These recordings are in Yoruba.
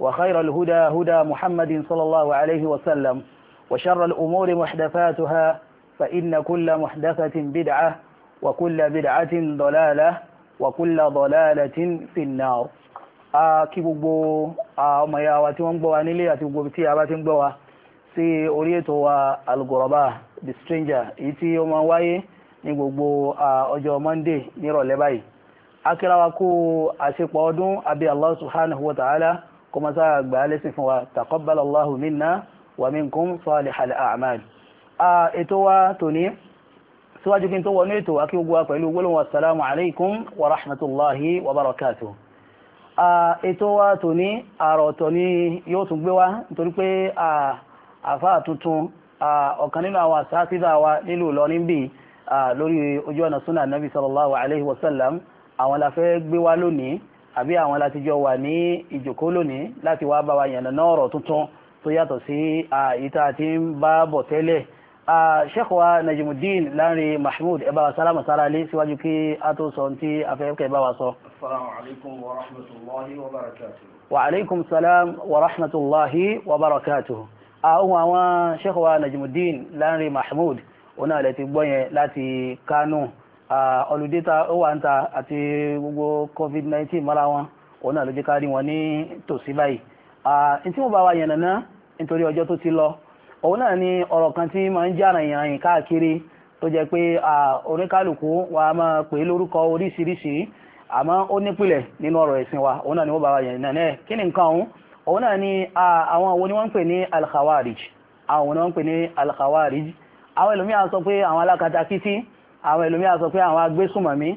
وخير الهدى هدى محمد صلى الله عليه وسلم وشر الأمور محدثاتها فإن كل محدثة بدعة وكل بدعة ضلالة وكل ضلالة في النار kí gbogbo wa tí wọ́n ń gbọ́ nílé àti gbogbo tí a bá ti ń gbọ́ sí orí ètò wa al the stranger èyí tí ó máa ń wáyé ní gbogbo ọjọ́ Monday nírọ̀lẹ́ báyìí akíra wa kú àṣepọ̀ ọdún àbí Allah subhanahu wa ta'ala kó máa sáà gbà á lẹ́sìn fún wa taqabbalallahu minna wa minkum salihal a'mal ètò wa tòní síwájú kí n tó wọnú ètò wa kí gbogbo wa pẹ̀lú gbólóhùn assalamu alaikum wa rahmatullahi wa barakatuh ètò wa tòní àrọ̀tọ̀ ni yóò tún gbé wa nítorí pé àfáà tuntun ọ̀kan nínú àwọn àsáfíìsà wa nílùú Ìlọrin bíi lórí ojú ọ̀nà súnà nàbì sallallahu alaihi wasallam àwọn la gbé wa lónìí àbí àwọn láti jọ wà ní ìjòkó lónìí láti wá bá wa yànnà náà ọ̀rọ̀ tuntun tó yàtọ̀ sí ìta àti ń bá bọ̀ tẹ́lẹ̀ Sheikh wa Najimuddin Lanre Mahmud ẹ bá wa sálámà sára lé síwájú kí a tó sọ tí afẹ́fẹ́ bá wa sọ. Assalamu alaikum wa rahmatullahi wa barakatuh. Wa àwọn àwọn Najimuddin Lanre Mahmud òun ti gbọ́ láti Kánò ọlùdẹ́ta ó wà ń ta àti gbogbo covid-19 mọ́ra wọn òun náà ló jẹ́ ká rí wọn ní tòsí báyìí n tí mo bá wa yànnàná nítorí ọjọ́ tó ti lọ òun náà ni ọ̀rọ̀ kan tí máa ń já ràyìnràyìn káàkiri tó jẹ́ pé oníkálukú wa máa pè é lórúkọ oríṣiríṣi àmọ́ ó nípìlẹ̀ nínú ọ̀rọ̀ ẹ̀sìn wa òun náà ni mo bá wa yànnàná ẹ̀ kí ni nǹkan òun òun náà ni àwọn wo ni wọ́n ń pè ní alkhawarij khawarij àwọn wo ni wọ́n ń pè ní al àwọn ẹlòmíràn sọ pé àwọn alákatakítí àwọn ẹlòmíà sọ pé àwọn agbésùnmọ̀mí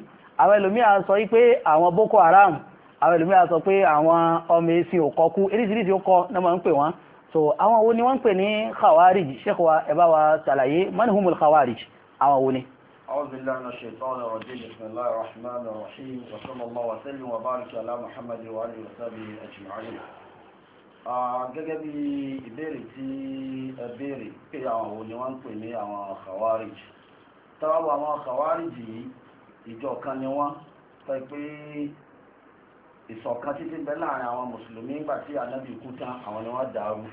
àwọn ẹlòmíà sọ pé àwọn boko haram àwọn ẹlòmíà sọ pé àwọn ọmọ ẹ̀sìn òkọkú eríṣiríṣi ó kọ náà máa ń pè wọ́n so àwọn wo ni wọ́n ń pè ní khawarij sheikh wa ẹ bá wa ṣàlàyé manhumul khawarij àwọn wo ni. الله الرحمن الرحيم وصلى الله وسلم وبارك على محمد وآله وصحبه أجمعين gẹ́gẹ́ bí ìbéèrè tí ẹ béèrè pé àwọn òní wọ́n ń pè ní àwọn khawarij tọ́wọ́ àwọn kàwárìjì ìjọ kan ni wọ́n tọ́ pé ìṣọ̀kan títí bẹ́ láàrin àwọn mùsùlùmí nígbà tí ànábì kú tán àwọn ni wọ́n dàrú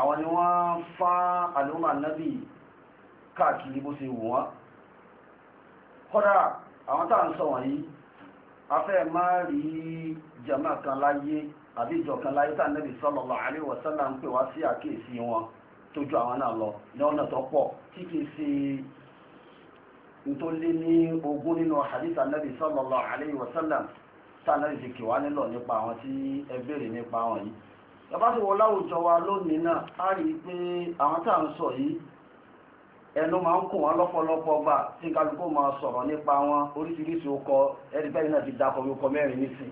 àwọn ni wọ́n fá àlùmọ̀ ànábì káàkiri bó ṣe wù wọ́n kódà àwọn tá à ń sọ wọ̀nyí a fẹ́ máa rí jama kan láyé àbí ìjọ kan láyé tá ànábì sallallahu alaihi wasallam ń pè wá sí àkíyèsí wọn tó àwọn náà lọ ní ọ̀nà tó pọ̀ tí kì ṣe tó lé ní ogún nínú hadith anabi sallallahu alayhi wa sallam sanabi ti kìwá nílọ nípa àwọn tí ẹ béèrè nípa wọn yìí yàbá sì wọ láwùjọ wa lónìí náà a rí i pé àwọn tá à ń sọ yìí ẹnu máa ń kó wọn lọ́pọ̀lọpọ̀ gbà tí kálukú máa sọ̀rọ̀ nípa wọn oríṣiríṣi okọ ẹni bẹ́ẹ̀ náà ti dakọ̀ bí mẹ́rin nísìn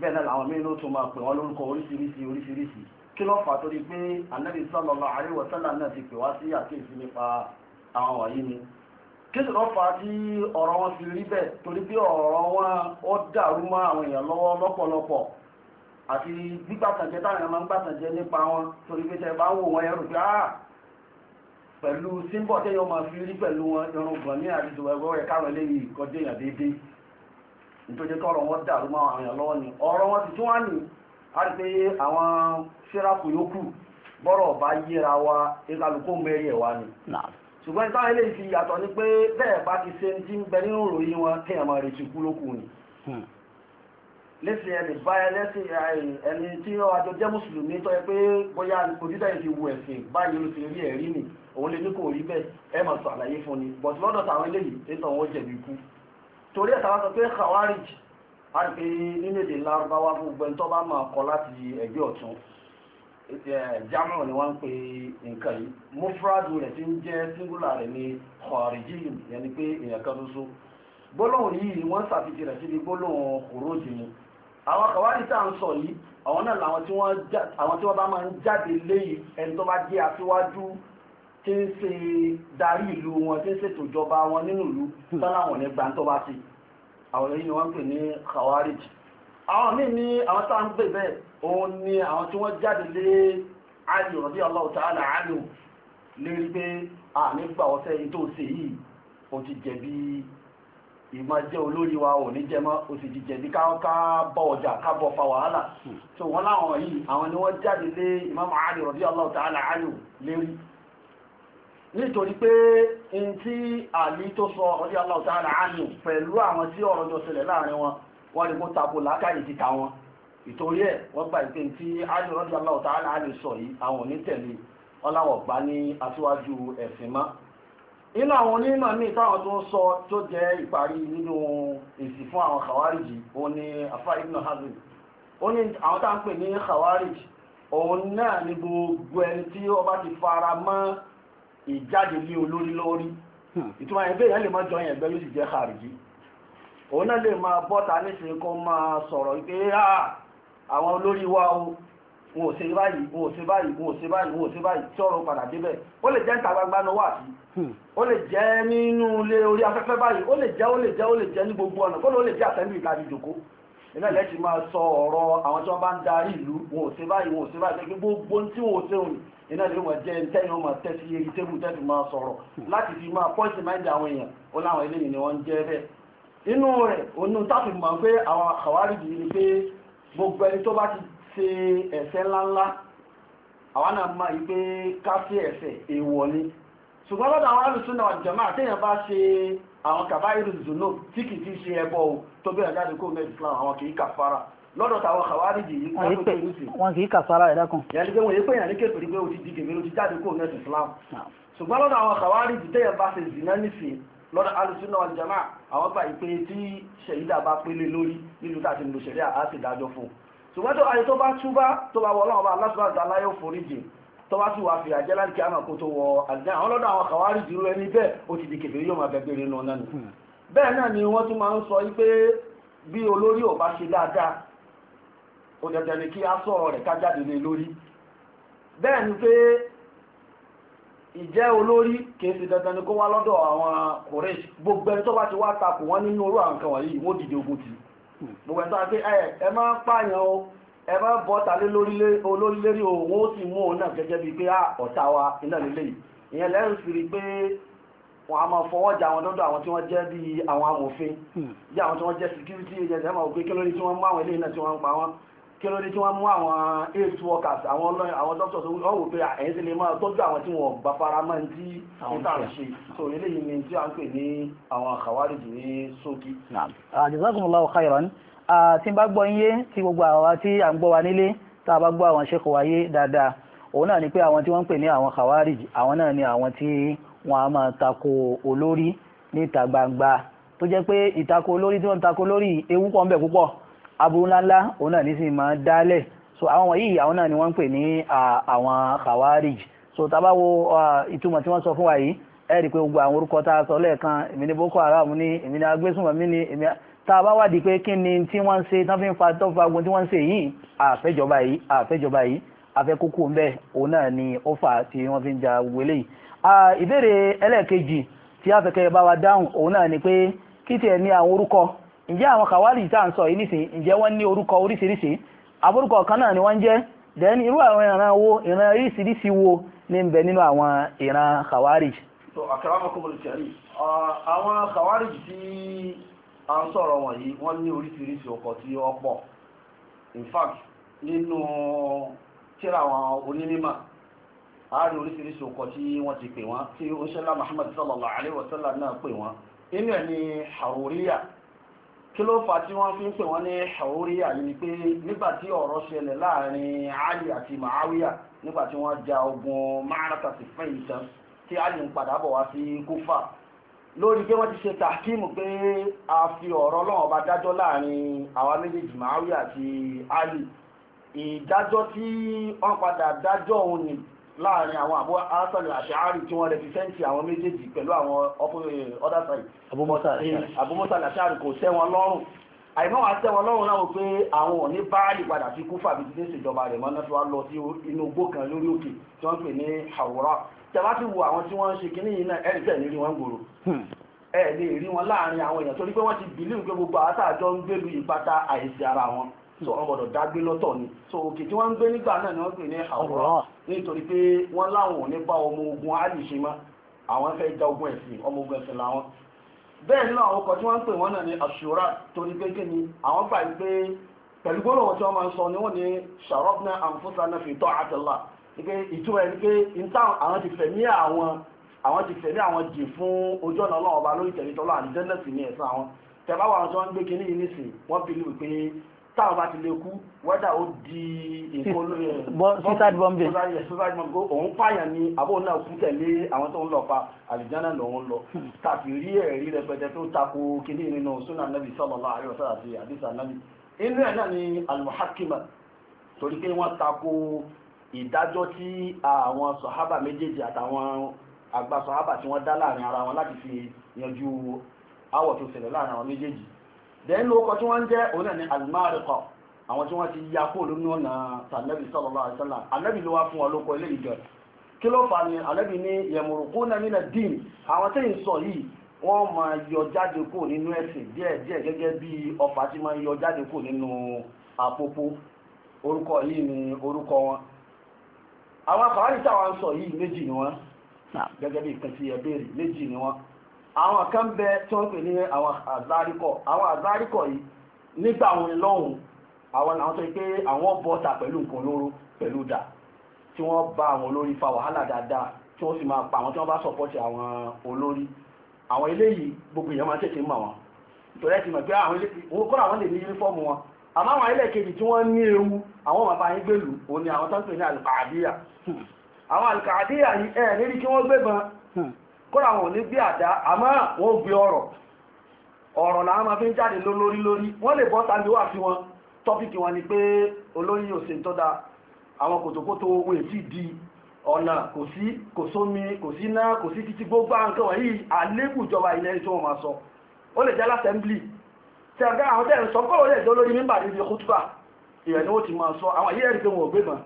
bẹ́ẹ̀ náà làwọn mí ló tún máa pè wọ́n lórúkọ oríṣiríṣi oríṣiríṣi kí ló torí pé anabi sallallahu alayhi náà ti pè wá sí àkéèsí nípa àwọn wọ̀nyí ni kíṣì lọ́ fà á ọ̀rọ̀ wọn fi rí bẹ́ẹ̀ torí pé ọ̀rọ̀ wọn ó dàrú mọ́ àwọn èèyàn lọ́wọ́ lọ́pọ̀lọpọ̀ àti gbígbàtànjẹ táwọn èèyàn nípa wọn torí pé tẹ́ bá ń wò wọn ẹrù pé áà pẹ̀lú símbọ̀ tẹ́yọ máa fi wọn irun ní ẹgbẹ́ káwọn eléyìí kọjá èèyàn déédéé nítorí wọn dàrú mọ́ àwọn èèyàn lọ́wọ́ ni ọ̀rọ̀ wọn tún wá nì á rí pé àwọn síráàpù bọ́rọ̀ bá yíra wa ìkàlùkù ṣùgbọ́n táwọn ilé ìfi yàtọ̀ ni pé bẹ́ẹ̀ bá ti ṣe ti ń bẹ nínú ìròyìn wọn kí ẹ̀mọ̀ rẹ̀ ti kú lókù ni hmm. lẹ́sìn ẹni báyẹ lẹ́sìn ẹni tí wọ́n àjọ jẹ́ mùsùlùmí tó yẹ pé bóyá òjídà yìí ti wo ẹ̀sìn báyìí ló ti rí ẹ̀rí nì òun lè ní kò rí bẹ́ẹ̀ ẹ máa sọ àlàyé fún ni bọ̀t lọ́dọ̀ táwọn eléyìí ètò àwọn jẹ̀bi ikú torí ẹ̀ táwọn sọ pé khawarij àti nínú èdè lárúbáwá gbogbo ẹni tó bá máa kọ láti ẹgbẹ́ ọ̀tún Eh, jamu ni wọ́n pè nǹkan yìí mufradu rẹ̀ tí ń jẹ́ singular rẹ̀ ní kharijiyun yẹni pé èèyàn kan ṣoṣo gbólóhùn yìí wọ́n ṣàfihàn rẹ̀ síbi gbólóhùn khuruji mu àwọn kàwárí tá à ń sọ yìí àwọn náà làwọn tí wọ́n bá máa ń jáde léyìí ẹni tó bá jẹ́ aṣíwájú tí ń ṣe darí ìlú wọn tí ń ṣètò ìjọba wọn nínú ìlú tán láwọn ní gbàǹtọ́ bá ti àwọn yìí ni wọ́n pè ní khawarij àwọn míì ní àwọn tá à ń gbè bẹ́ẹ̀ òun ni àwọn tí wọ́n jáde lé Ali radiyallahu ta'ala anhu lérí pé àmì gbà ọ̀sẹ̀ yìí tó ṣe yìí ó ti jẹ̀bi ìmọ̀ jẹ́ olórí wa ò ní jẹ mọ́ ó sì ti jẹ̀bi ká bọ̀ ọjà ká bọ̀ fa wàhálà tó hmm. wọ́n láwọn yìí àwọn ni wọ́n jáde lé Imam Ali radiyallahu ta'ala anhu lérí nítorí pé n tí Ali tó sọ radiyallahu ta'ala anhu pẹ̀lú àwọn tí ọ̀rọ̀ jọ ṣẹlẹ̀ láàrin wọn wọ́n rí kó tako làákàyè ti ta wọn ìtorí ẹ̀ wọ́n gba ìpè tí Ali radiyallahu ta'ala anhu sọ yìí àwọn onítẹ̀lé ọláwọ̀ gbá ní aṣíwájú ẹ̀sìn mọ́ inú àwọn onímọ̀ míì táwọn tó ń sọ tó jẹ́ ìparí nínú èsì fún àwọn khawariji òun ni afa ibn hazm ó ní àwọn tá à ń pè ní khawarij òun náà ni gbogbo ẹni tí ọba ti fara mọ́ ìjáde ní olórí lórí hmm. ìtumọ̀ ẹgbẹ́ yẹn lè mọ́ jọyìn ẹgbẹ́ yóò sì jẹ́ khariji òun náà lè máa bọ́ta níṣẹ́ kó máa sọ̀rọ̀ pé àwọn olórí wa o wọn ò ṣe báyìí wọn ò ṣe báyìí wọn ò ṣe báyìí wọn ò ṣe báyìí tí ọ̀rọ̀ padà débẹ̀ ó lè jẹ́ níta gbangba náà wà sí hmm. ó lè jẹ́ nínú ilé orí afẹ́fẹ́ báyìí ó lè jẹ́ ó lè jẹ́ ó lè jẹ́ ní gbogbo ọ̀nà kó ló lè jẹ́ àtẹ́lù ìta ìjòkó iná ilẹ̀ ti máa sọ ọ̀rọ̀ àwọn tí wọ́n bá ń darí ìlú wọn ò ṣe báyìí wọn ò ṣe báyìí pé gbogbo tí wọn ò ṣe òní iná ilẹ̀ wọn jẹ́ tẹ́yìn ọmọ tẹ́sí eré tébù tẹ́sí máa sọ̀rọ̀ hmm. láti fi máa pọ́ìsì máìndì àwọn èèyàn ó láwọn eléyìí ni wọ́n ń jẹ́ bẹ́ẹ̀ inú rẹ̀ onú táàfì mọ̀ pé àwọn àwárí yìí ni pé gbogbo ẹni tó bá ti ṣe ẹ̀ṣẹ̀ ńláńlá àwọn náà mọ̀ yìí pé ká sí èèwọ̀ ni ṣùgbọ́n lọ́dọ̀ àwọn alùsùn náà jẹ̀mọ́ àtẹ̀yàn bá ṣe àwọn kàbáyìrì zùnú tí kì í ṣe ẹbọ tó bí àjáde kó mẹ́rin Islam àwọn kì í kàfàrà lọ́dọ̀ táwọn kàwárìjì yìí kọ́ tó tó sí. wọn kì í kàfàrà rẹ̀ dákun. ìyá Islam. ṣùgbọ́n lọ́dọ̀ àwọn kàwárìjì tẹ́yẹ̀ bá ṣe lọ́dọ̀ alùsùnà ọ̀jẹ̀mà àwọn gbà ìpè tí ṣèyídà bá pélé lórí nínú tá a ti lò ṣẹ̀ríà á sì dájọ́ fún un ṣùgbọ́n tó ayé tó bá túbá tó bá wọ ọlọ́run bá aláṣùwà dálá yóò forí jìn tó bá sì wà fìyà jẹ́ láti kíá náà kó tó wọ àdìyà àwọn lọ́dọ̀ àwọn kàwárí dúró ẹni bẹ́ẹ̀ ó ti di kèfèrí yóò máa bẹ̀gbẹ̀ nínú náà nù bẹ́ẹ̀ náà ni wọ́n tún máa ń sọ pé bí olórí ò bá ṣe dáadáa ó dẹ̀dẹ̀ ni kí á sọ̀rọ̀ rẹ̀ ká jáde lé lórí bẹ́ẹ̀ ni pé ìjẹ́ olórí kìí ṣe dandan ni kó wá lọ́dọ̀ àwọn kòrèṣì gbogbo ẹni tó bá ti wá takò wọ́n nínú orú àwọn kan wọ̀nyí wọ́n dìde ogun tì gbogbo ẹni tó wá pé ẹ má pààyàn o ẹ má bọ́ talé olórí lérí hmm. security agents ẹ̀ máa wò pé kí lórí kí ló dé tí wọ́n mú àwọn health workers àwọn ọlọ́yìn àwọn doctors wọ́n wò pé ah, ẹ̀yìn sì lè máa tọ́jú àwọn tí wọ́n bá fara mọ́ ní tí níta ṣe so eléyìí ni tí a ń pè ní àwọn khawarij ní ṣókí. Ah, jazakumullahu khairan ah, tí n bá gbọ́ yín yé tí gbogbo àwa tí à ń gbọ́ wa nílé tá a bá gbọ́ àwọn ṣẹ́kọ̀ wa yé dáadáa òun náà ni pé àwọn tí wọ́n ń pè ní àwọn khawarij àwọn náà ni àwọn tí wọ́n á máa tako olórí níta gbangba tó jẹ́ pé ìtako olórí tí wọ́n ń tako olórí ewu pọ̀ ń bẹ púpọ̀ aburú ńláńlá òun náà nísìnyí máa dálẹ̀ so àwọn wọ̀nyí àwọn náà ni wọ́n ń pè ní àwọn khawarij so tábà wo ìtumọ̀ tí wọ́n sọ fún wa yìí ẹ rí i pé gbogbo àwọn orúkọ tá a sọ lẹ́ẹ̀kan èmi ní boko haram ní èmi ní agbésùnmọ̀mí ní èmi tá a bá wádìí pé kí ni tí wọ́n ń ṣe tán fi ń fa tó fa gun tí wọ́n ń ṣe yìí àfẹ́jọba yìí àfẹ́jọba yìí àfẹ́kókó ń bẹ òun náà ni ó fà tí wọ́n fi ń ja wọlé yìí. ìbéèrè ẹlẹ́ẹ̀kejì tí a fẹ́ bá wa dáhùn òun náà ni pé kí tiẹ̀ ní àwọn orúkọ ǹjẹ́ àwọn kàwárì tá à ń sọ yìí nísìn ǹjẹ́ wọ́n ní orúkọ oríṣiríṣi àbúrúkọ kan náà ni wọ́n jẹ́ then irú àwọn ìran wo ìran oríṣiríṣi wo ní ń bẹ nínú àwọn ìran kàwárì. tó akramakumul karim àwọn kàwárì tí a ń sọ̀rọ̀ wọ̀nyí wọ́n ní oríṣiríṣi ọkọ̀ tí ó pọ̀ in fact nínú tíra àwọn onímọ̀ àárín oríṣiríṣi ọkọ̀ tí wọ́n ti pè wọ́n tí oṣẹ́lá Muhammad sallallahu alayhi wa sallam náà pè wọ́n inú ẹ̀ haruriya kí ló fà tí wọ́n fi ń pè wọ́n ní ṣàwórí àyè nígbà tí ọ̀rọ̀ ṣẹlẹ̀ láàrin Ali àti Muawiya nígbà tí wọ́n ja ogun Ma'araka sí fẹ́ ìtàn tí Ali ń padà bọ̀ wá sí Kúfà lórí pé wọ́n ti ṣe tàkíìmù pé a fi ọ̀rọ̀ náà bá dájọ́ láàrin àwa méjèèjì Muawiya àti Ali ìdájọ́ tí wọ́n padà dájọ́ òun ni láàrin àwọn àbú asàlì àṣàárì tí wọ́n rẹpìsẹ́ntì àwọn méjèèjì pẹ̀lú àwọn eh, other side abúmọ́sà àṣàárì eh, kò sẹ́wọn lọ́rùn àìmọ́ wa sẹ́wọn lọ́rùn náà pé àwọn ò báàlì padà sí kúfà bí ti ṣèjọba rẹ̀ mọ́ tí wọ́n lọ sí inú igbó kan lórí òkè tí wọ́n pè ní àwòrán tẹ̀wá ti wo àwọn tí wọ́n ń ṣe kínní yìí náà ẹ̀rí tẹ̀ ní wọn gbòòrò hmm. ẹ̀ wọn láàrin àwọn èèyàn torí pé wọ́n ti bìlíù pé gbogbo àtàjọ ń gbèlú ìpátá àìsí ara wọn so wọ́n gbọ́dọ̀ dágbé lọ́tọ̀ ni so òkè tí wọ́n ń gbé nígbà náà ni wọ́n pè ní àwòrán nítorí pé wọ́n láwọn ò ní bá ọmọ ogun áàlì ṣe mọ́ àwọn fẹ́ ja ogun ẹ̀sìn ọmọ ogun ẹ̀sìn làwọn bẹ́ẹ̀ nínú àwọn ọkọ̀ tí wọ́n ń pè wọ́n náà ní àṣùrà torí pé kíni àwọn gbà pé pẹ̀lú gbólóhùn tí wọ́n máa ń sọ ni wọ́n ní sharabna anfusana fi ta'ati Allah pé ìtura ẹni pé níta àwọn ti fẹ̀mí àwọn àwọn ti fẹ̀mí àwọn jì fún ojú ọ̀nà ọlọ́run ọba lórí tẹ̀lé tọ́lọ́ àdìjẹ́ndẹ̀sì ní ẹ̀sán àwọn tẹ̀bá wà táwọn bá ti lè kú wẹ́dà ó di suicide bombing suicide bombing òun pààyàn ni àbò náà kú tẹ̀lé àwọn tó ń lọ pa àlìjánà lòun lọ tàbí rí ẹ̀rí rẹpẹtẹ tó tako kíní nínú sunnah nabi sallallahu alaihi àti àdìsá nabi inú ẹ̀ náà ni al torí pé wọ́n tako ìdájọ́ tí àwọn sọ̀hábà méjèèjì àtàwọn àgbà sọ̀hábà tí wọ́n dá láàrin ara wọn láti fi yanjú áwọ̀ tó ṣẹlẹ̀ láàrin àwọn méjèèjì dẹ́n ló tí wọ́n ń jẹ́ òun náà àwọn tí wọ́n ti ya kó lónú ọ̀nà tàlẹ́bì sallallahu alaihi wasallam ló wá fún wa lóko ilé ìjọ kí ló fà ní alẹ́bì ní àwọn sọ yìí wọ́n máa yọ jáde kó nínú ẹ̀sìn díẹ̀ díẹ̀ gẹ́gẹ́ bí tí máa yọ jáde kó nínú orúkọ yìí wọn àwọn táwọn sọ yìí méjì ni wọn gẹ́gẹ́ àwọn kan bẹ tí wọ́n pè ní àwọn àzárikọ̀ àwọn àzárikọ̀ yìí nígbà wọn lọ́hùn àwọn làwọn tó yẹ pé àwọn bọ́ta pẹ̀lú nǹkan olóró pẹ̀lú dà tí wọ́n bá àwọn olórí fa wàhálà dáadáa tí wọ́n sì máa pa àwọn tí wọ́n bá sọ̀pọ̀tì àwọn olórí àwọn eléyìí gbogbo èèyàn máa tètè mọ̀ wọn ìtòlẹ́ ti mọ̀ pé àwọn ilé òun kọ́ àwọn lè ní yúnífọ́ọ̀mù wọn àmọ́ àwọn ilé kejì tí wọ́n ní ewu àwọn bàbá yín gbèlú òun ni àwọn tó ń pè ní àlùkàdíyà àwọn àlùkàdíyà yìí ẹ̀ kí wọ́n gbébọn kóra wọn ò ní gbé àdá àmọ́ wọn ò gbé ọ̀rọ̀ ọ̀rọ̀ làwọn máa fi ń jáde lólórí lórí wọ́n lè bọ́ tàbí wà fi wọn tọ́pìkì wọn ni pé olóyìn òsè tó da àwọn kòtòkòtò owó ètí di ọ̀nà kò sí kò sómi kò sí iná kò sí títí gbogbo nǹkan wọ̀nyí àlébù ìjọba ilẹ̀ tí wọ́n máa sọ ó lè jẹ́ lásẹ̀mblì tí ọ̀gá àwọn tẹ̀rẹ̀ sọ kọ́ lè jẹ́ olórí mímbà níbi kútùbà ìyẹn ni ó ti máa sọ àwọn yẹ́rì pé wọn gbé mọ́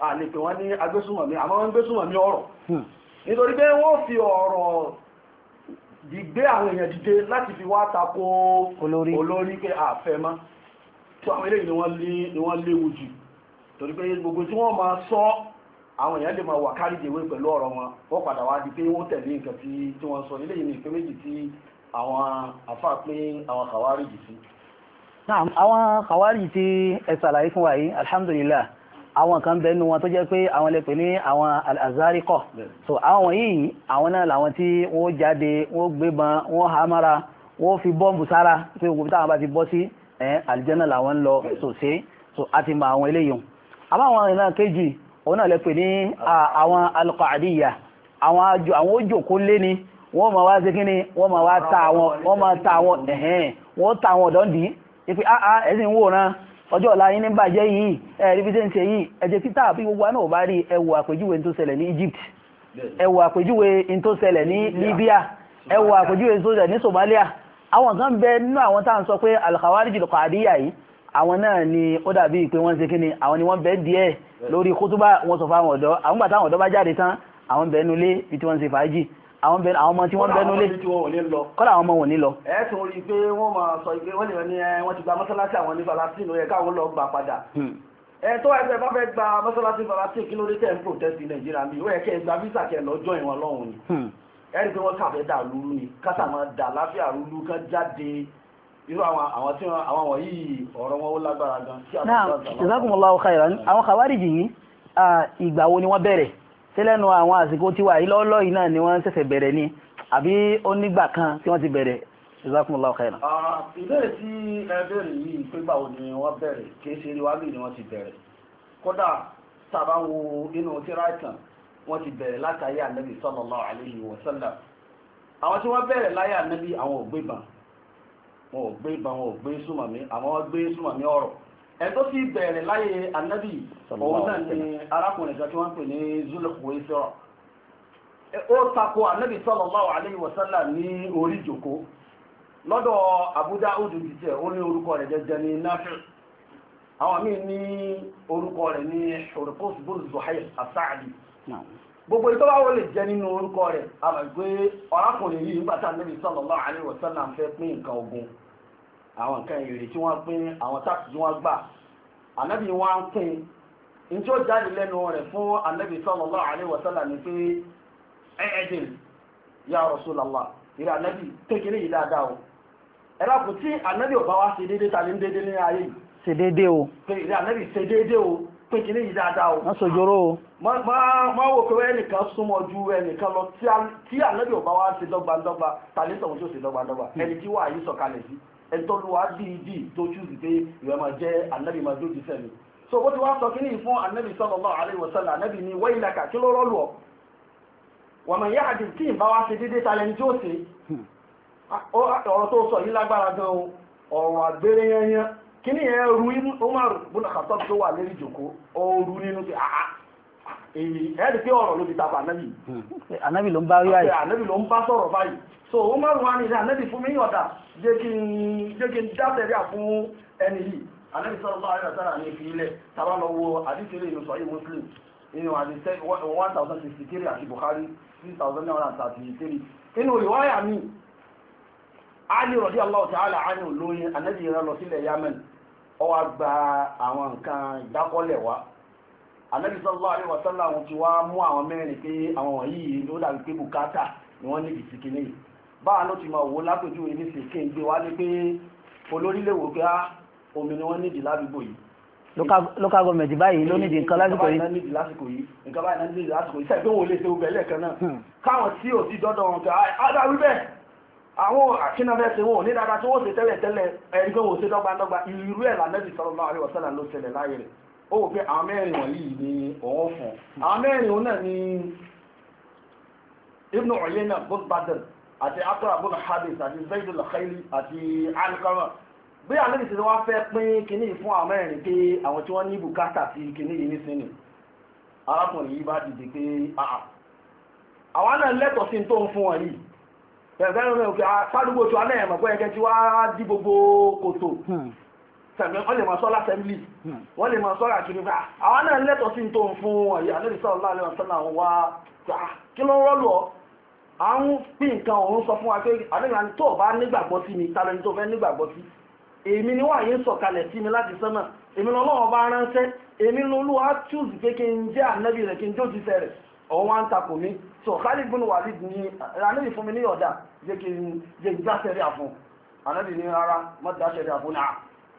àlè pé ní agbésùnmọ̀mí àmọ́ wọ́n gbésùnmọ̀mí ọ̀rọ̀ hmm nítorí pé wọ́n fi ọ̀rọ̀ dìgbé àwọn èèyàn dìde láti fi wá tako olórí pé àfẹ́ má tó àwọn eléyìí ni wọ́n léwu jù torí pé gbogbo tí wọ́n máa sọ àwọn èèyàn lè máa wà kárí ìdèwé pẹ̀lú ọ̀rọ̀ wọn wọ́n padà wá di pé wọ́n tẹ̀lé nǹkan tí wọ́n sọ eléyìí ni ìpín méjì tí àwọn àfáà pín àwọn kàwárì jì sí. àwọn kàwárì tí ẹ fún wa yìí alhamdulillah àwọn kan bẹnu wọn tó jẹ́ pé àwọn lẹ́pẹ̀ ní àwọn al so àwọn yìí àwọn náà làwọn tí wọ́n jáde wọ́n gbébọn wọ́n hamara wọ́n fi bọ́ǹbù sára pé gbogbo táwọn bá ti bọ́ sí àlìjẹ́nà làwọn ń lọ sòsé so a ti mọ àwọn eléyìí àbáwọn ìran kejì òun náà lẹ́pẹ̀ ní àwọn al-qa'diyya àwọn òjòkó lé ni wọ́n ma wá sí kí ni wọ́n ma wá ta àwọn wọ́n ma ta àwọn ẹ̀hẹ́n wọ́n ta àwọn ọ̀dọ́ ọjọ́ ọ̀la yín ní bàjẹ́ yìí ẹ̀rí bí sẹ́ńtì yìí ẹ̀jẹ̀ títà bí gbogbo àná ò rí ẹ àpèjúwe tó ṣẹlẹ̀ ní Egypt ẹ wo àpèjúwe tó ṣẹlẹ̀ ní Libya ẹ wo àpèjúwe tó ṣẹlẹ̀ ní Somalia àwọn kan bẹ nínú àwọn tá à ń sọ pé al-Khawarij al-Qa'diyya yìí àwọn náà ni ó dàbí pé wọ́n ṣe kíni àwọn ni wọ́n bẹ díẹ̀ lórí kútúbà wọn sọ fáwọn ọ̀dọ́ àwọn gbà táwọn ọ̀dọ́ bá jáde tán àwọn bẹ nulẹ̀ bí tí wọ́n ṣe fàájì àwọn bẹ̀rẹ̀ àwọn ọmọ tí wọ́n bẹ̀rẹ̀ nílé kọ́lá àwọn ọmọ wọn ní lọ. ẹ̀sùn orí pé wọ́n máa sọ ìgbé wọ́n lè ní wọ́n ti gba mọ́sálásí àwọn ní falasín ó yẹ káwọn lọ gbà padà. Hmm. ẹ ẹgbẹ́ bá fẹ́ gba mọ́sálásí falasín kí ló dé tẹ̀ ń nàìjíríà mi ó yẹ gba visa kẹ́ lọ́jọ́ ìwọ̀n lọ́hùn ni. Hmm. ẹ rí i pé wọ́n kàfẹ́ dà lúlú ni kásà máa dà láfíà lúlú kan jáde irú àwọn tí àwọn wọ̀nyí ọ̀rọ̀ wọn ó lágbára gan. náà jazakumullahu khairan àwọn khawarij yìí ìgbà ṣé lẹ́nu àwọn àsìkò tí wà yìí lọ́ọ́lọ́ yìí náà ni wọ́n ṣẹ̀ṣẹ̀ bẹ̀rẹ̀ ni àbí ó nígbà kan tí wọ́n ti bẹ̀rẹ̀ jazakumullahu khairan. ìbéèrè tí ẹ béèrè yìí pé báwo ni wọ́n bẹ̀rẹ̀ kì í ṣe eré wálé ni wọ́n ti bẹ̀rẹ̀ kódà tàbá wo inú tíra ìtàn wọ́n ti bẹ̀rẹ̀ látàrí ànábì sallallahu alayhi wa sallam àwọn tí wọ́n bẹ̀rẹ̀ láyé ànábì àwọn ò gbébọn wọn ò gbébọn wọn ò gbé súnmọ̀mí àwọn gbé súnmọ̀mí ọ̀rọ̀ ẹ̀tọ́ sí bẹ̀rẹ̀ láyé anábì òun náà ni arákùnrin ìjọ tí wọ́n ń pè ní zulukwe sọ́rọ̀ ó sallallahu alaihi wasallam ní orí joko lọ́dọ̀ Abu Daud ti ó ní orúkọ rẹ̀ jẹjẹ ní Nafi' àwọn míì ní orúkọ rẹ̀ ní Hurqus bin Zuhair gbogbo ìtọ́ bá wọlé jẹ́ nínú orúkọ rẹ̀ ọ̀rákùnrin yìí nígbà tí fẹ́ pín nǹkan ogun àwọn nǹkan èrè tí wọ́n pín àwọn táàkì tí wọ́n gbà ànábì wọn á pín in tí ó jáde lẹ́nu rẹ̀ fún ànábì sallallahu alaihi wa sallam ni pé ẹ̀ẹ́dìn ya Rasulullah ìrẹ́ ànábì kékeré yìí dáadáa o ẹ̀rọ kò tí ànábì ọba wa ṣe déédéé ta ní déédéé ní ayé yìí ṣe déédéé o pé ìrẹ́ ànábì ṣe déédéé o pé kìíní yìí dáadáa o. wọ́n sojoro o. máa wò pé ẹnìkan súnmọ́ ju ẹnìkan lọ tí ànábì ọba wa ṣe dọ́gbandọ́gba tàbí sọ̀rọ̀ tó ṣe dọ́gbandọ́gba hmm. ẹni tí wàá yìí sọ̀kalẹ̀ sí ẹ̀tọ́ ló wá dìídì tó ṣùgbọ́n pé ìwà máa jẹ́ ànábì máa dójú sẹ́mi so bó ti wá sọ kíní fún ànábì sallallahu alaihi wasallam ànábì ní waylaka kí ló rọ́ọ̀lù ọ́ wà máa yá àdì tí ìbá wa ṣe déédéé talẹ̀ ní tí ó ṣe hmm. ọ̀rọ̀ tó sọ yìí lágbára gan o ọ̀rọ̀ àgbére yẹn yẹn kíní yẹn ru Umar bùnà kàtọ́ tó wà lérí jòkó ó ru nínú ti àá ẹ̀rí pé ọ̀rọ̀ ló fi tàbà anábì anábì hmm. ló ń bá rí àyè anábì ló ń bá sọ̀rọ̀ báyìí so ó máa wà ní anábì fún mi ọ̀dà jẹ́ kí n dábẹ̀rẹ̀ fún ẹni yìí anábì sọ̀rọ̀ bá ayọ̀ sára ní ìfi ilẹ̀ tàbá lọ wo àdìsílẹ̀ inú sọ̀yí muslim inú àdìsẹ́ one thousand sixty three àti bukhari three thousand nine hundred thirty three inú ìwáyà mi ali rọ̀dí aláwọ̀ tí ala ánú lóyún anábì rẹ lọ sílẹ̀ yamen ó wá gba àwọn nǹkan ìdákọ́lẹ̀ wa anabi sallallahu alaihi wasallam àwọn ti wá mú àwọn mẹ́rin pé àwọn wọ̀nyí ló dàbí pé bùkátà ni wọ́n níbi sí kìíní báwa ló ti máa wò lápèjú ilé sì kí n gbé wálé pé olórí lè ah, omi ni wọ́n níbi ládùúgbò yìí. local government báyìí ló níbi nǹkan lásìkò yìí. nǹkan báyìí náà níbi lásìkò yìí nǹkan báyìí náà níbi lásìkò yìí sẹ́gbẹ́ wo lè ṣe gbogbo ẹlẹ́ẹ̀kan náà hmm. káwọn tí ò sí dọ́dọ̀ wọn kà á ah, dá àwọn àkínáfẹ́ ṣe wọn ò ní dáadáa tí wọ́n ṣe tẹ́lẹ̀ tẹ́lẹ̀ ẹni pé wọ́n ṣe dọ́gbandọ́gba ìrú ẹ̀ lànà ìsọ̀rọ̀ náà àríwọ̀sẹ̀lẹ̀ ló ṣẹlẹ̀ láyé rẹ̀ ó wò pé àwọn mẹ́rin wọ̀nyí ni òun fún àwọn mẹ́rin òun náà ni ibn Uyayna bun Badr àti Aqra bun Habis àti Zayd al-Khayli àti Alqama bí àlejò ti wá fẹ́ pín kinní fún àwọn mẹ́rin pé àwọn tí wọ́n ní bùkátà sí kinní yìí nísìnyí arákùnrin yìí bá dìde pé àà àwọn náà lẹ́tọ̀ọ́ sí tó ń fún wọn yìí bẹ̀rẹ̀ fẹ́ràn rẹ̀ òkè àpádùgbò tó alẹ́ ẹ̀mọ̀gbọ́n ẹ̀kẹ́ tí tẹ̀mí wọ́n lè máa sọ́lá assembly hmm. wọ́n lè máa sọ́lá kiri bá ah, àwọn náà lẹ́tọ̀ọ́ sí tó ń fún wọn yìí àlébìsọ́ ọláàlẹ́ ọ̀sánà wa gbà kí ló ń rọ́lù ọ́ à ń pín nǹkan òun sọ wa pé àlébìsọ́ tó bá nígbàgbọ́ sí mi tàbí tó fẹ́ nígbàgbọ́ sí èmi ni wà yín sọ̀kalẹ̀ sí mi láti sánmà èmi lọ́lọ́wọ́ bá ránṣẹ́ èmi lolúwa túùsì pé kí n jẹ́ ànábì rẹ̀ kí n jó jíṣẹ́ rẹ̀ ọ̀hún wa ń takò mí sọ Khalid bin Walid ní ànábì fún mi ní ọ̀dà jẹ́ kí n jẹ́ gbáṣẹ́rí àfún ànábì ní rárá mọ́tàṣẹ́rí àfún náà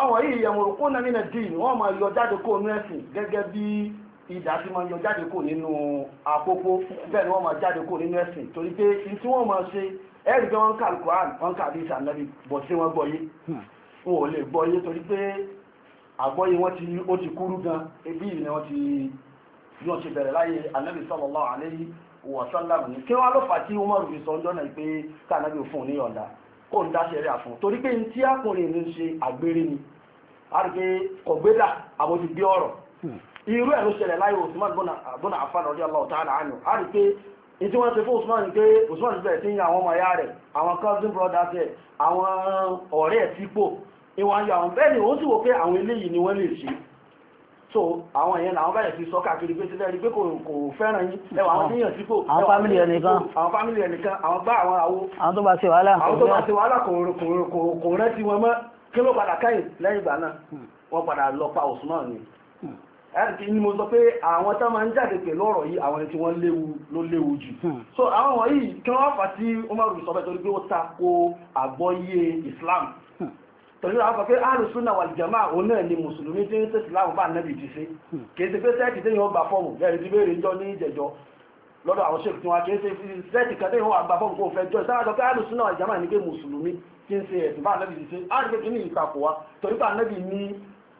àwọn yìí yẹ̀wòrúkú náà nínú dín wọ́n máa yọ jáde kó nínú ẹ̀sìn gẹ́gẹ́ bí ìdá tí máa yọ jáde kó nínú àpòpò bẹ́ẹ̀ ni wọ́n máa jáde kó nínú ẹ̀sìn torí pé ní tí wọ́n máa ṣe ẹ̀rí pé wọ́n ń ka alukoran wọ́n ń ka àdìsí ànábì bọ̀ sí wọn gbọ́ yé wọn ò lè gbọ́ yé torí pé àgbọ́yé wọn ti ó ti kúrú gan ebi ni wọ́n ti bí wọ́n ti bẹ̀rẹ̀ láyé ànábì sallallahu alaihi wa sallam ní kò ń dáṣẹ́ rẹ̀ àfún torí pé tí àkùnrin ní ṣe àgbèrè ni àrùké kọ̀gbédà àbójú bí ọ̀rọ̀ hmm. irú ẹ̀ ló ṣẹlẹ̀ láyé Usman bọ́nà àfààní ọdí aláwọ̀ tààlà àánú àrùké ìtí wọ́n ti fún Usman pé Usman bẹ̀rẹ̀ sí àwọn ọmọ ìyá rẹ̀ àwọn cousin brothers ẹ̀ àwọn ọ̀rẹ́ ẹ̀ sípò ìwọ̀n ayọ̀ àwọn bẹ́ẹ̀ ni òun sì wò pé àwọn eléyìí ni wọ́n lè ṣe so àwọn èèyàn làwọn bẹ̀rẹ̀ sí sọ káàkiri pé tẹ́lẹ̀ rí pé kò fẹ́ràn yín ẹwà àwọn èèyàn sípò àwọn fámìlì ẹnìkan àwọn fámìlì ẹnìkan àwọn gbá àwọn àwo àwọn tó bá ṣe wàhálà àwọn tó bá ṣe wàhálà kò rántí wọn mọ́ kí ló padà kẹ́yìn lẹ́yìn ìgbà náà wọ́n padà lọ pa Usman ni ẹ̀rìkì ni mo sọ pé àwọn tó máa ń jáde pè lọ́rọ̀ yìí àwọn tí wọ́n léwu ló léwu jù so àwọn wọ̀nyí kí wọ́n fà sí Umaru sọ bẹ́ẹ̀ torí pé ó ta ko àgbọ́yé Islam torí àwọn kọ̀kẹ́ àrùsúnà wà jẹ́mà òun náà ni mùsùlùmí tí ń tẹ̀sí láwọn bá nẹ́bì ti ṣe hmm. kìí ṣe pé sẹ́ẹ̀tì tí yóò gbà fọ́ọ̀mù bẹ́ẹ̀ ti béèrè jọ ní ìjẹ̀jọ lọ́dọ̀ àwọn ṣèkì tí wọn kìí ṣe sẹ́ẹ̀tì kan tí yóò gbà fọ́ọ̀mù kó fẹ́ jọ ìsára kọ̀kẹ́ àrùsúnà wà jẹ́mà ní pé wa torí pé ànẹ́bì ní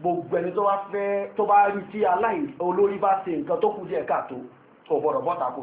gbogbo ẹni tó bá fẹ́ tó bá rí tí aláì olórí bá ṣe nǹkan tó kù díẹ̀ káàtó kò gbọdọ̀ bọ́ta kò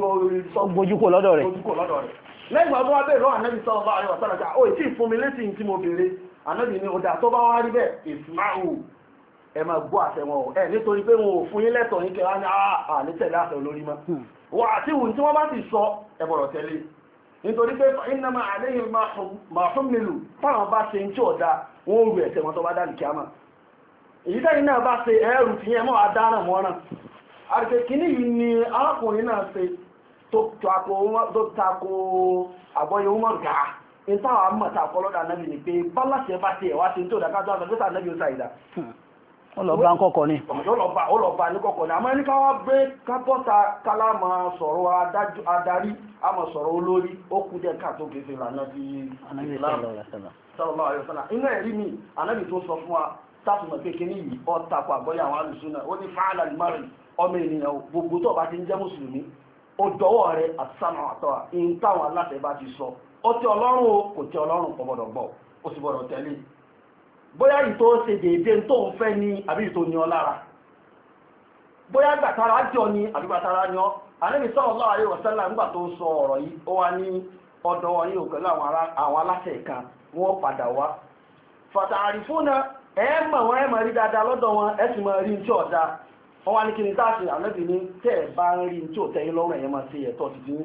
gbojú kò lọ́dọ̀ rẹ̀ lẹ́yìn ọdún wa bẹ̀rẹ̀ ànábì sọ́wọ́ bá àríwá sára ó ì tí ì fún mi létí tó wá rí bẹ́ẹ̀ ìsmáhù ẹ nítorí pé wọn ò máa fún hmm. mi fáwọn bá ṣe ń tí ọ̀dà wọn rú ẹ̀ṣẹ̀ wọn tó bá dálì kíámà èyí tẹ́yìn náà bá ṣe ẹ̀rù tìyẹn mọ́ adáràn mọ́ràn àrùkẹ́kìnní yìí ni arákùnrin náà ṣe tó tako àgbọ́yé umar gáà ní táwọn amata àkọlọ́dà náà ni pé bálàṣẹ bá tiẹ̀ wá sí ní tó dákájọ́ àgbẹ̀gbẹ́sà náà bí ń kọ́kọ́ ni. ọlọ́ba ní kọ́kọ́ ni àmọ́ ẹni ká gbé kápọ́ta kálá máa sọ̀rọ̀ adarí a sọ̀rọ̀ olórí ó kú dẹ́ ọmọ ènìyàn gbogbo tó bá ti ń jẹ́ mùsùlùmí òjọwọ́ rẹ àtúnṣàmà àtọ́ à ń táwọn aláṣẹ bá ti sọ ó ti ọlọ́run o kò ti ọlọ́run kò gbọ́ ó sì gbọ́dọ̀ tẹ̀lé bóyá ìtò ṣe déédéé tó ń fẹ́ ni àbí ìtò ni ọ lára bóyá gbàtara jọ ni àbí gbàtara ni ọ àníbi sallallahu nígbà tó ń sọ ọ̀rọ̀ yìí ó wá ní wọn pẹ̀lú àwọn aláṣẹ kan wọ́n padà wá fàtàrí mọ̀ wọn mọ̀ rí dáadáa lọ́dọ̀ wọn wọ́n wá ní kí ni táàkì ànábì ní tẹ́ ẹ̀ bá ń rí ní tí ò tẹ́yìn lọ́rùn ẹ̀yẹn máa ṣe ẹ̀tọ́ ti dín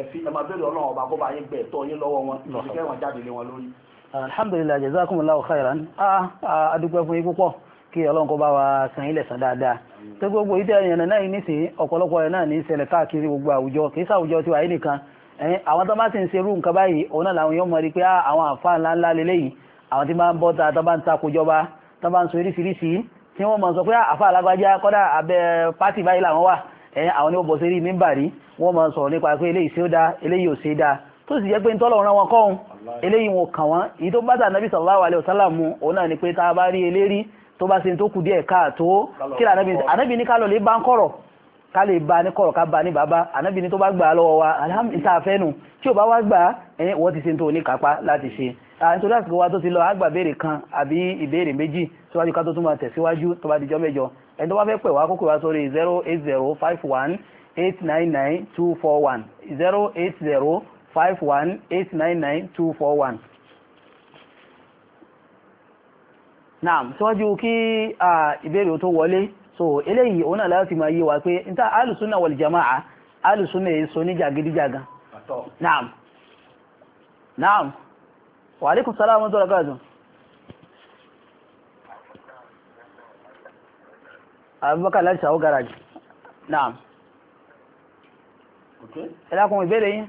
ẹ̀fí ẹ̀mà bẹ́ẹ̀rẹ̀ ọlọ́run ọba kó bá yín gbẹ̀ ẹ̀tọ́ yín lọ́wọ́ wọn lọ́sí kẹ́wọ̀n jáde lé wọn lórí. alhamdulilayi jazakumullahu khairan a dúpẹ́ fún yín púpọ̀ kí ọlọ́run kó bá wa san ilẹ̀ san dáadáa tó gbogbo ìdí ẹ̀yàn náà yìí nísìnyí ọ̀pọ̀lọpọ̀ ẹ̀ náà ní ṣẹlẹ̀ káàkiri gbogbo àwùjọ kì í sàwùjọ tiwa yìí nìkan àwọn tó bá ti ń ṣerú nǹkan báyìí òun náà làwọn yóò mọ̀ di pé ah, àwọn àǹfààní ńláńlá lélẹ́yìí àwọn tí bá ń bọ́ta tó bá ń takò tó bá ń sọ oríṣiríṣi tí wọ́n mọ̀ sọ pé ah, àfà alágbájá kọ́dà abẹ́ pátì báyìí làwọn wà ẹ̀yìn àwọn ní ó bọ̀ sí rí mímbàrí wọ́n mọ̀ sọ̀rọ̀ nípa pé eléyìí sí ó dá eléyìí ò sí dá tó sì jẹ́ pé ń tọ́lọ̀ ran wọn kọ́hun eléyìí wọn kàn wọ́n èyí tó bá tà nábì sallallahu alaihi wasallam òun náà ni pé tá a bá rí elérí tó bá ṣe tó kù díẹ̀ káàtó kí ba ní kọ̀rọ̀ ká ba ní bàbá ànábì tó bá àìsàn láti wá tó ti lọ agba béèrè kan àbí ìbéèrè méjì síwájú ká tó tún tẹ̀síwájú tó bá dijọ́ mẹ́jọ ẹni tó bá fẹ́ 08051899241. wá kókò wá sórí zero eight zero five one eight nine nine two four one zero eight zero five one eight nine nine two four one. síwájú kí wa pé wa alaikum salam wa barakatuh abubakar láti sàwọ́ garage náà ẹlákùn ìbéèrè yìí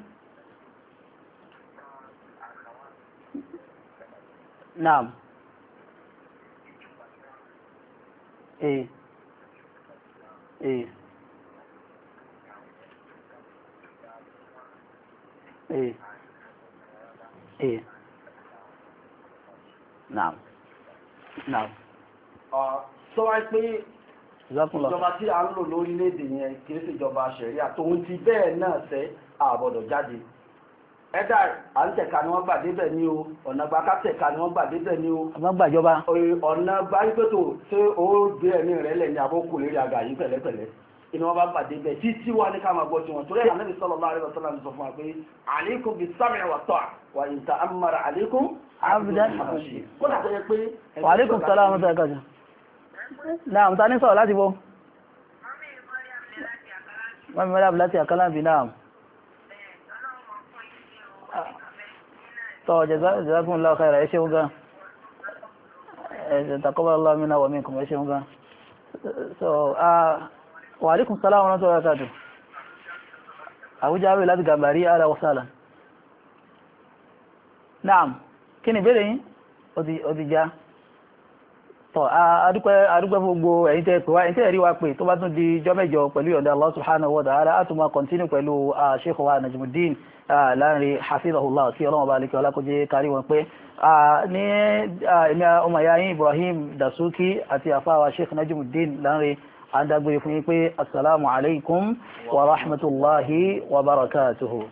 náà ee ee ee ee náà náà. Ah, sọ wá pé ìjọba tí a ń lò lórílẹ̀‐èdè yẹn kìí ṣe ìjọba ṣẹ̀ríà tòun ti bẹ́ẹ̀ náà ṣe àbọ̀dọ̀ jáde ẹ̀dá à ń tẹ̀ka ni wọ́n gbà débẹ̀ ni o ọ̀nà gba ká tẹ̀ka ni wọ́n gbà débẹ̀ ni o. àmọ́ gbàjọba. ọ̀nà gba ṣé o gbé ẹ̀mí rẹ̀ lẹ̀ ní abókù lérí àgà yìí pẹ̀lẹ́pẹ̀lẹ́ inú wọn bá pàdé bẹ̀ tí tí wà ní ká máa gbọ́ tí wọn torí ànábì sallallahu alaihi wasallam sọ fún wa pé alaykum bis-sam'i wat-ta'a wa in ta'ammara alaykum abdan kó dàgbẹ́ yẹ pé. wà alaykum salaam ọ̀sán ẹ̀kọ́jà náà mùtá ní sọ̀rọ̀ láti bọ́. wọ́n mi mọ́lá láti àkàlàbì náà. tọ́ jazakumullahu khairan ẹ ṣeun gan ẹ̀ taqabbal Allahu minna wa minkum ẹ ṣeun gan so. Uh, wa alaikum salam wa rahmatullahi wa barakatuh Abuja awe láti gàbàrí ara wasala naam kí ni ìbéèrè yín ọdíjá tọ́ adúgbẹ́ gbogbo ẹ̀yin tẹ́ pè wá ẹ̀yin tẹ́ rí wa pé tó bá tún di jọ́ mẹ́jọ pẹ̀lú ọ̀dọ̀ Allah subhanahu wa ta'ala a tún máa kọ̀ntínú pẹ̀lú Sheikh wa Najmuddin láàrin hafizahullah kí ọlọ́run bá lè kí ọlá kó kárí wọn pé ní ẹ̀mí ọmọ ìyá yín Ibrahim Dasuki àti àfáwà Sheikh Najmuddin láàrin adágbére fún yín pé assalamu alaikum wa rahmatullahi wa barakatuhu.